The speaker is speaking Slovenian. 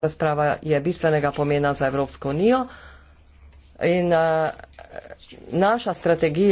razprava je bistvenega pomena za Evropsko unijo in uh, naša strategija